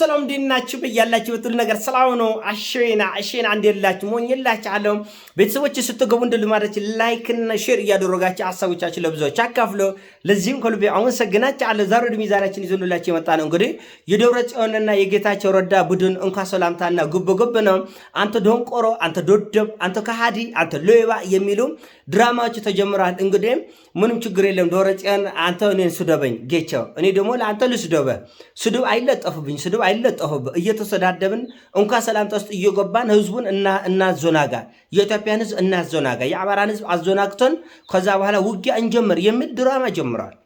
ሰላም እንዴት ናችሁ? በያላችሁ በትል ነገር ሰላም ነው። አሸና አሸና እንደላችሁ ሞኝላችሁ የላችኋለሁ። ቤተሰቦች ስትገቡ እንደልማዳችሁ ላይክ እና ሼር እያደረጋችሁ ሀሳቦቻችሁ ለብዙዎች አካፍሎ ለዚህም ከልቤ አለ። ዛሬ ወደ ሚዛናችን ይዞላችሁ የመጣ ነው እንግዲህ የደብረ የደብረጽዮንና የጌታቸው ረዳ ቡድን እንኳን ሰላምታና ጉብ ጉብ ነው። አንተ ደንቆሮ፣ አንተ ዶደብ፣ አንተ ከሃዲ፣ አንተ ሌባ የሚሉ ድራማዎች ተጀምረዋል። እንግዲህ ምንም ችግር የለም። ደብረ ጽዮን አንተ እኔን ስደበኝ ጌቸው፣ እኔ ደግሞ ለአንተ ልስደበ ስድብ አይለጠፍብኝ ስድብ አይለጠፈብ እየተሰዳደብን እንኳ ሰላምታ ውስጥ እየገባን ህዝቡን እናዞናጋ፣ የኢትዮጵያን ህዝብ እናዞናጋ፣ የአማራን ህዝብ አዞናግቶን ከዛ በኋላ ውጊያ እንጀምር የሚል ድራማ ጀምረዋል።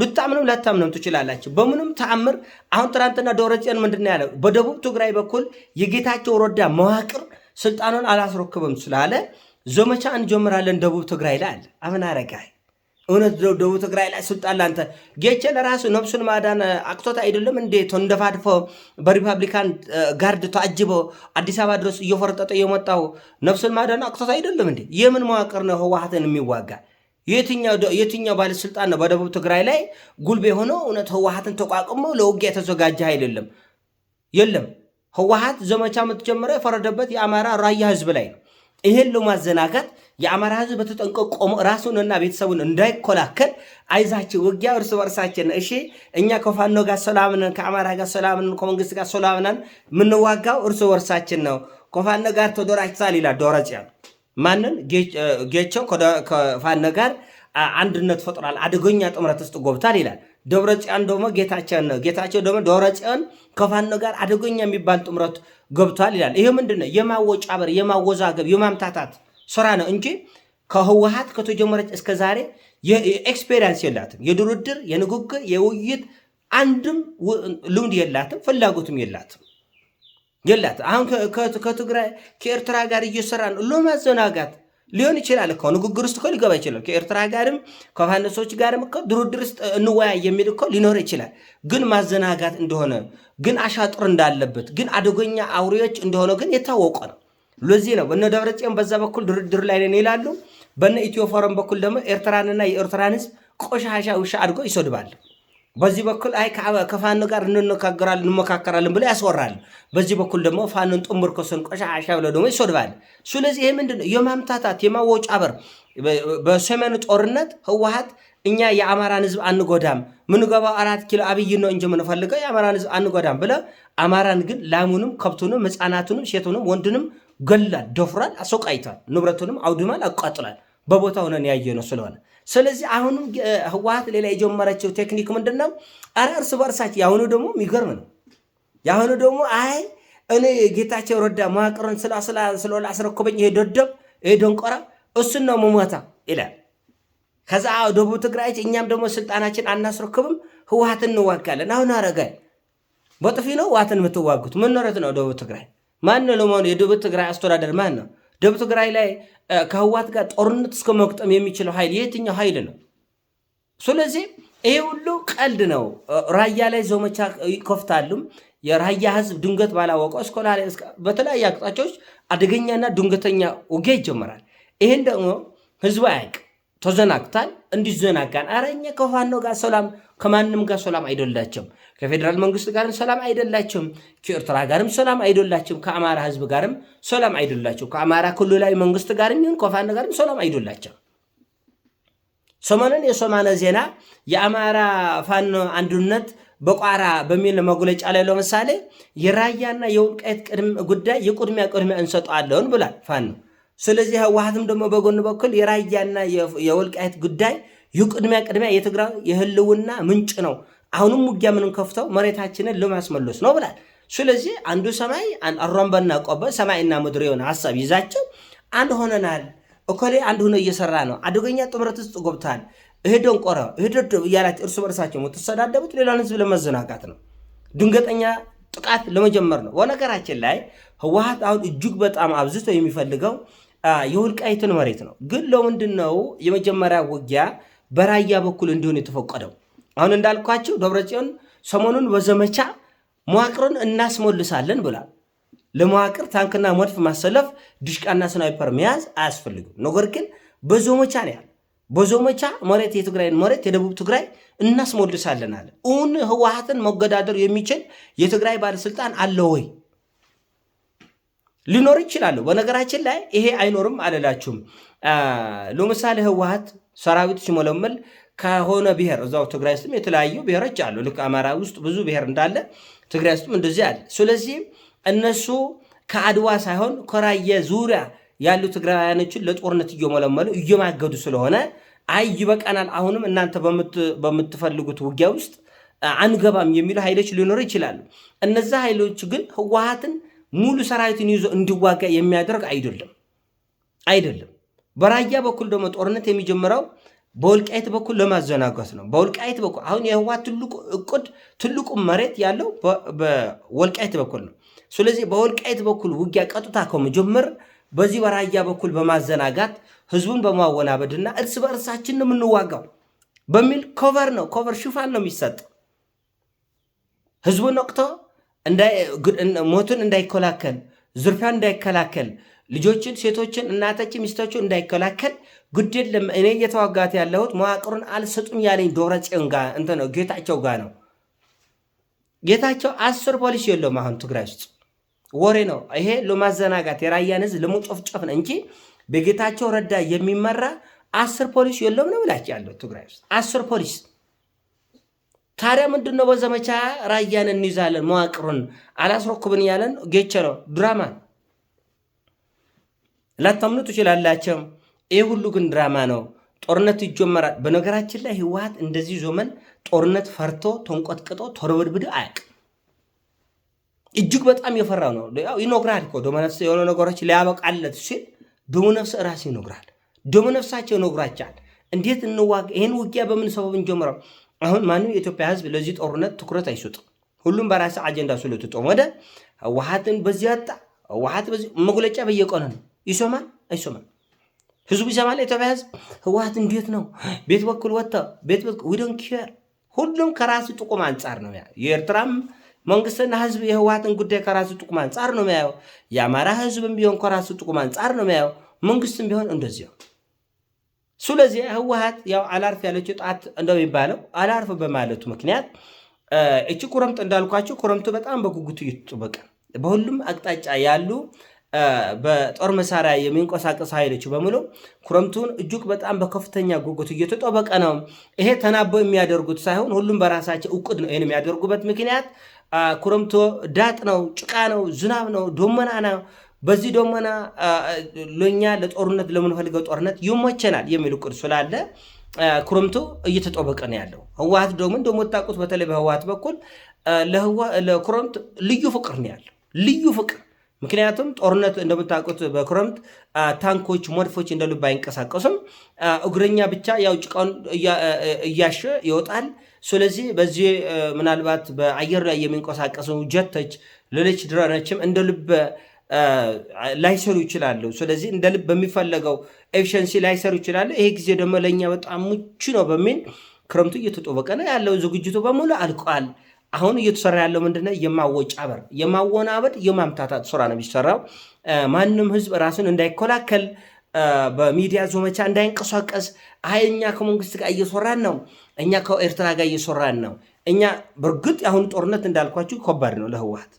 ልታምንም ላታምንም ትችላላችሁ። በምንም ተአምር አሁን ትናንትና ደብረጽዮን ምንድን ነው ያለው? በደቡብ ትግራይ በኩል የጌታቸው ረዳ መዋቅር ስልጣኑን አላስረክብም ስላለ ዘመቻ እንጀምራለን ደቡብ ትግራይ ላይ አለ አረጋይ እውነት ደቡብ ትግራይ ላይ ስልጣን ላንተ ጌቸ ለራሱ ነፍሱን ማዳን አቅቶት አይደለም እንዴ ተንደፋድፎ በሪፐብሊካን ጋርድ ተአጅቦ አዲስ አበባ ድረስ እየፈረጠጠ የመጣው ነፍሱን ማዳን አቅቶት አይደለም እንዴ? የምን መዋቅር ነው ህወሀትን የሚዋጋ? የትኛው ባለስልጣን ነው በደቡብ ትግራይ ላይ ጉልቤ ሆኖ እውነት ህወሀትን ተቋቁሞ ለውጊያ የተዘጋጀ አይደለም። የለም ህወሀት ዘመቻ የምትጀምረው የፈረደበት የአማራ ራያ ህዝብ ላይ ነው። ይሄን ለማዘናጋት የአማራ ህዝብ በተጠንቀቅ ቆሞ ራሱንና ቤተሰቡን እንዳይኮላከል አይዛችን ውጊያ እርስ በርሳችን እሺ፣ እኛ ከፋኖ ጋር ሰላምነን፣ ከአማራ ጋር ሰላምነን፣ ከመንግስት ጋር ሰላምነን። የምንዋጋው እርስ በርሳችን ነው። ከፋኖ ጋር ተደራጅታል ይላል ዶረጽ ማንን ጌቸው ከፋኖ ጋር አንድነት ፈጥሯል፣ አደገኛ ጥምረት ውስጥ ጎብታል ይላል። ደብረጽዮን ደግሞ ጌታቸው ነው፣ ጌታቸው ደግሞ ደብረጽዮን ከፋኖ ጋር አደገኛ የሚባል ጥምረት ገብቷል ይላል። ይሄ ምንድን ነው? የማወጫበር፣ የማወዛገብ፣ የማምታታት ስራ ነው እንጂ ከህወሀት ከተጀመረች እስከ ዛሬ ኤክስፔሪንስ የላትም። የድርድር የንግግር የውይይት አንድም ልምድ የላትም፣ ፍላጎትም የላትም የላትም። አሁን ከትግራይ ከኤርትራ ጋር እየሰራ ነው ለማዘናጋት ሊሆን ይችላል እኮ ንግግር ውስጥ እኮ ሊገባ ይችላል። ከኤርትራ ጋርም ከፋነሶች ጋርም እኮ ድርድር ውስጥ እንወያይ የሚል እኮ ሊኖር ይችላል። ግን ማዘናጋት እንደሆነ ግን አሻጥር እንዳለበት ግን አደገኛ አውሬዎች እንደሆነ ግን የታወቀ ነው። ለዚህ ነው በነ ደብረጽዮን በዛ በኩል ድርድር ላይ ነን ይላሉ። በነ ኢትዮ ፎረም በኩል ደግሞ ኤርትራንና የኤርትራን ህዝብ ቆሻሻ ውሻ አድርጎ ይሰድባል። በዚህ በኩል አይ ከፋኖ ጋር እንነጋገራለን እንመካከራለን ብሎ ያስወራል። በዚህ በኩል ደግሞ ፋኖን ጥምር ከሰን ቆሻሻ ብለ ደግሞ ይሰድባል። ስለዚህ ይሄ ምንድን ነው? የማምታታት የማወጫበር በሰሜኑ ጦርነት ህወሀት እኛ የአማራን ህዝብ አንጎዳም፣ ምንገባው አራት ኪሎ አብይ ነው እንጂ ምንፈልገው የአማራን ህዝብ አንጎዳም ብለ አማራን ግን ላሙንም፣ ከብቱንም፣ ህፃናቱንም፣ ሴቱንም፣ ወንድንም ገላል፣ ደፍሯል፣ አሰቃይቷል፣ ንብረቱንም አውድማል፣ አቃጥሏል። በቦታው ነን ያየነው ስለሆነ ስለዚህ አሁንም ህወሀት ሌላ የጀመረችው ቴክኒክ ምንድን ነው? ኧረ እርስ በእርሳቸው የአሁኑ ደግሞ የሚገርም ነው። የአሁኑ ደግሞ አይ እኔ ጌታቸው ረዳ መዋቅርን ስለላ አስረኮበኝ ይሄ ደደብ ይሄ ደንቆራ እሱን ነው መሞታ ይላል። ከዛ ደቡብ ትግራይ እኛም ደግሞ ስልጣናችን አናስረክብም ህወሀት እንዋጋለን። አሁን አረጋ በጥፊ ነው ህወሀትን የምትዋጉት? ምንረት ነው ደቡብ ትግራይ ማን ነው ለመሆኑ? የደቡብ ትግራይ አስተዳደር ማን ነው? ደቡብ ትግራይ ላይ ከህዋት ጋር ጦርነት እስከ መቅጠም የሚችለው ኃይል የትኛው ኃይል ነው? ስለዚህ ይሄ ሁሉ ቀልድ ነው። ራያ ላይ ዘመቻ ይከፍታሉ። የራያ ህዝብ ድንገት ባላወቀው እስኮላ በተለያዩ አቅጣጫዎች አደገኛና ድንገተኛ ውጊያ ይጀምራል። ይህን ደግሞ ህዝቡ አያውቅ ተዘናግታል። እንዲዘናጋን አረ እኛ ከፋኖ ጋር ሰላም ከማንም ጋር ሰላም አይደላቸውም። ከፌዴራል መንግስት ጋርም ሰላም አይደላቸውም። ከኤርትራ ጋርም ሰላም አይደላቸውም። ከአማራ ህዝብ ጋርም ሰላም አይደላቸው። ከአማራ ክልላዊ መንግስት ጋርም ይሁን ከፋኖ ጋርም ሰላም አይደላቸው። ሰሞኑን የሶማነ ዜና የአማራ ፋኖ አንድነት በቋራ በሚል መግለጫ ላይ ለምሳሌ የራያና ቅድም ጉዳይ የቅድሚያ ቅድሚያ እንሰጠዋለን ብሏል ፋኖ ስለዚህ ህወሓትም ደግሞ በጎን በኩል የራያና የወልቃይት ጉዳይ ይህ ቅድሚያ ቅድሚያ የትግራይ የህልውና ምንጭ ነው፣ አሁንም ውጊያ ምንም ከፍተው መሬታችንን ለማስመለስ ነው ብላል። ስለዚህ አንዱ ሰማይ አሮምበና ቆበ ሰማይና ምድር የሆነ ሀሳብ ይዛቸው አንድ ሆነናል፣ እኮሌ አንድ ሆኖ እየሰራ ነው፣ አደገኛ ጥምረት ውስጥ ገብተዋል፣ ይሄ ደንቆረ ይሄ ደደብ እርስ በርሳቸው የምትሰዳደቡት ሌላን ህዝብ ለመዘናጋት ነው፣ ድንገተኛ ጥቃት ለመጀመር ነው። በነገራችን ላይ ህወሓት አሁን እጅግ በጣም አብዝቶ የሚፈልገው የወልቃይትን መሬት ነው። ግን ለምንድን ነው የመጀመሪያ ውጊያ በራያ በኩል እንዲሆን የተፈቀደው? አሁን እንዳልኳቸው ደብረጽዮን ሰሞኑን በዘመቻ መዋቅርን እናስሞልሳለን ብሏል። ለመዋቅር ታንክና መድፍ ማሰለፍ፣ ድሽቃና ስናይፐር መያዝ አያስፈልግም። ነገር ግን በዘመቻ ነው ያለ። በዘመቻ መሬት የትግራይን መሬት የደቡብ ትግራይ እናስሞልሳለን አለ። እውን ህወሓትን መገዳደር የሚችል የትግራይ ባለስልጣን አለ ወይ? ሊኖር ይችላሉ። በነገራችን ላይ ይሄ አይኖርም አልላችሁም። ለምሳሌ ህወሓት ሰራዊት ሲሞለመል ከሆነ ብሔር እዛው ትግራይ ውስጥም የተለያዩ ብሔሮች አሉ። ልክ አማራ ውስጥ ብዙ ብሔር እንዳለ ትግራይ ውስጥም እንደዚህ አለ። ስለዚህ እነሱ ከአድዋ ሳይሆን ከራየ ዙሪያ ያሉ ትግራውያኖችን ለጦርነት እየሞለመሉ እየማገዱ ስለሆነ አይ ይበቃናል፣ አሁንም እናንተ በምትፈልጉት ውጊያ ውስጥ አንገባም የሚሉ ኃይሎች ሊኖሩ ይችላሉ። እነዛ ኃይሎች ግን ህወሓትን ሙሉ ሰራዊትን ይዞ እንዲዋጋ የሚያደርግ አይደለም አይደለም። በራያ በኩል ደግሞ ጦርነት የሚጀምረው በወልቃይት በኩል ለማዘናጋት ነው። በወልቃይት በኩል አሁን የህወሓት ትልቁ እቅድ ትልቁ መሬት ያለው በወልቃይት በኩል ነው። ስለዚህ በወልቃይት በኩል ውጊያ ቀጥታ ከመጀመር በዚህ በራያ በኩል በማዘናጋት ህዝቡን በማወናበድና እርስ በእርሳችን ነው የምንዋጋው በሚል ኮቨር ነው ኮቨር ሽፋን ነው የሚሰጥ ህዝቡን ነቅቶ ሞቱን እንዳይከላከል፣ ዙርፊያን እንዳይከላከል፣ ልጆችን፣ ሴቶችን፣ እናቶችን፣ ሚስቶችን እንዳይከላከል ግድ የለም እኔ እየተዋጋት ያለሁት መዋቅሩን አልሰጡም ያለኝ ዶብረጽዮን ጋ እንትን ነው ጌታቸው ጋ ነው። ጌታቸው አስር ፖሊስ የለውም አሁን ትግራይ ውስጥ ወሬ ነው ይሄ ለማዘናጋት የራያን ህዝብ ለመጨፍጨፍ ነው እንጂ በጌታቸው ረዳ የሚመራ አስር ፖሊስ የለውም ነው ብላች ያለው ትግራይ ውስጥ አስር ፖሊስ ታዲያ ምንድን ነው በዘመቻ ራያን እንይዛለን መዋቅሩን አላስረኩብን እያለን ጌቸ ነው ድራማ ላታምኑ ትችላላቸው። ይህ ሁሉ ግን ድራማ ነው። ጦርነት ይጀመራል። በነገራችን ላይ ህወሓት እንደዚህ ዞመን ጦርነት ፈርቶ ተንቆጥቅጦ ተርብድብድ አያውቅም። እጅግ በጣም የፈራ ነው። ይኖግራል እኮ ደመነፍስ የሆነ ነገሮች ሊያበቃለት ሲል ደመነፍስ እራስ ይኖግራል። ደመነፍሳቸው ይኖግራቻል። እንዴት እንዋጋ፣ ይህን ውጊያ በምን ሰበብ እንጀምረው አሁን ማንም የኢትዮጵያ ህዝብ ለዚህ ጦርነት ትኩረት አይሰጥም። ሁሉም በራስ አጀንዳ ስለተጠመደ ህወሓትን በዚህ አጣ ህወሓት በዚህ መግለጫ በየቀኑ ነው። ይሰማል አይሰማል? ህዝቡ ይሰማል። ኢትዮጵያ ህዝብ ህወሓት እንዴት ነው ቤት በኩል ወጥተ ቤት በኩል ዊዶን ኪር ሁሉም ከራስ ጥቁም አንጻር ነው። የኤርትራም መንግስትና ህዝብ የህወሓትን ጉዳይ ከራስ ጥቁም አንጻር ነው የሚያየው። የአማራ ህዝብም ቢሆን ከራስ ጥቁም አንጻር ነው የሚያየው። መንግስትም ቢሆን እንደዚያው ስለዚህ ህወሓት ያው አላርፍ ያለችው ጣት እንደሚባለው አላርፍ በማለቱ ምክንያት እቺ ኩረምት እንዳልኳቸው ኩረምቱ በጣም በጉጉቱ እየተጠበቀ በሁሉም አቅጣጫ ያሉ በጦር መሳሪያ የሚንቀሳቀሱ ኃይሎች በሙሉ ኩረምቱን እጅግ በጣም በከፍተኛ ጉጉት እየተጠበቀ ነው። ይሄ ተናቦ የሚያደርጉት ሳይሆን ሁሉም በራሳቸው እቅድ ነው። ይህን የሚያደርጉበት ምክንያት ኩረምቶ ዳጥ ነው፣ ጭቃ ነው፣ ዝናብ ነው፣ ደመና ነው በዚህ ደመና ለኛ ለጦርነት ለምንፈልገው ጦርነት ይመቸናል የሚል እቅድ ስላለ ክረምቱ እየተጠበቀ ነው ያለው። ህወሓት ደግሞ እንደምታውቁት በተለይ በህወሓት በኩል ለክረምት ልዩ ፍቅር ነው ያለው፣ ልዩ ፍቅር ምክንያቱም ጦርነት እንደምታውቁት በክረምት ታንኮች፣ መድፎች እንደ ልብ አይንቀሳቀሱም። እግረኛ ብቻ ያው ጭቃውን እያሸ ይወጣል። ስለዚህ በዚህ ምናልባት በአየር ላይ የሚንቀሳቀሱ ጀቶች፣ ሌሎች ድሮኖችም እንደ ልብ ላይሰሩ ይችላሉ። ስለዚህ እንደ ልብ በሚፈለገው ኤፊሸንሲ ላይሰሩ ይችላሉ። ይሄ ጊዜ ደግሞ ለእኛ በጣም ምቹ ነው በሚል ክረምቱ እየተጠበቀ ነው ያለው። ዝግጅቱ በሙሉ አልቋል። አሁን እየተሰራ ያለው ምንድነው? የማወጫበር፣ የማወናበድ፣ የማምታታት ስራ ነው የሚሰራው። ማንም ህዝብ ራሱን እንዳይኮላከል በሚዲያ ዘመቻ እንዳይንቀሳቀስ፣ አይ እኛ ከመንግስት ጋር እየሰራን ነው፣ እኛ ከኤርትራ ጋር እየሰራን ነው። እኛ በእርግጥ አሁን ጦርነት እንዳልኳችሁ ከባድ ነው ለህወሓት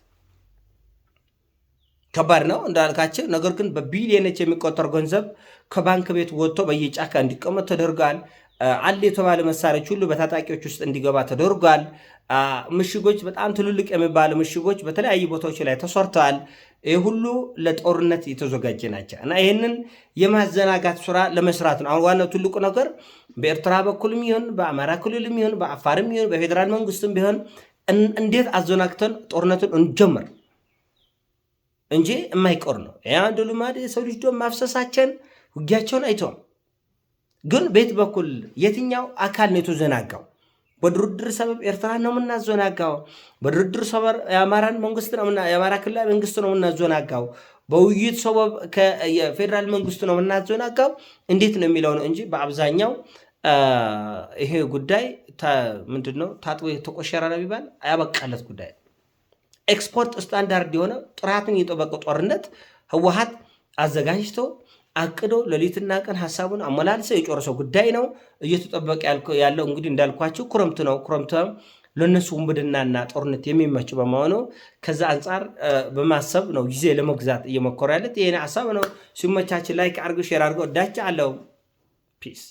ከባድ ነው እንዳልካቸው። ነገር ግን በቢሊዮኖች የሚቆጠር ገንዘብ ከባንክ ቤት ወጥቶ በየጫካ እንዲቀመጥ ተደርጓል። አለ የተባለ መሳሪያዎች ሁሉ በታጣቂዎች ውስጥ እንዲገባ ተደርጓል። ምሽጎች፣ በጣም ትልልቅ የሚባሉ ምሽጎች በተለያዩ ቦታዎች ላይ ተሰርተዋል። ይህ ሁሉ ለጦርነት የተዘጋጀ ናቸው እና ይህንን የማዘናጋት ስራ ለመስራት ነው። አሁን ዋናው ትልቁ ነገር በኤርትራ በኩልም ይሁን በአማራ ክልልም ይሁን በአፋርም ይሁን በፌዴራል መንግስትም ቢሆን እንዴት አዘናግተን ጦርነትን እንጀምር እንጂ የማይቆር ነው። አንዱ ልማድ የሰው ልጅ ደም ማፍሰሳቸን ውጊያቸውን አይተውም። ግን ቤት በኩል የትኛው አካል ነው የተዘናጋው? በድርድር ሰበብ ኤርትራን ነው የምናዘናጋው። በድርድር ሰበብ የአማራን መንግስት ነው የአማራ ክልላዊ መንግስት ነው የምናዘናጋው። በውይይት ሰበብ የፌዴራል መንግስት ነው የምናዘናጋው። እንዴት ነው የሚለው ነው እንጂ በአብዛኛው ይሄ ጉዳይ ምንድነው ታጥቦ የተቆሸረ ነው ቢባል ያበቃለት ጉዳይ ኤክስፖርት ስታንዳርድ የሆነ ጥራትን የጠበቀ ጦርነት ህወሀት አዘጋጅቶ አቅዶ ሌሊትና ቀን ሀሳቡን አመላልሰው የጨረሰው ጉዳይ ነው። እየተጠበቀ ያለው እንግዲህ እንዳልኳቸው ክረምት ነው። ክረምት ለነሱ ውንብድናና ጦርነት የሚመች በመሆኑ ከዛ አንጻር በማሰብ ነው ጊዜ ለመግዛት እየሞከሩ ያለት። ይህን ሀሳብ ነው ሲመቻችን ላይ ከአርገ ሼር አድርገው እዳቻ አለው ፒስ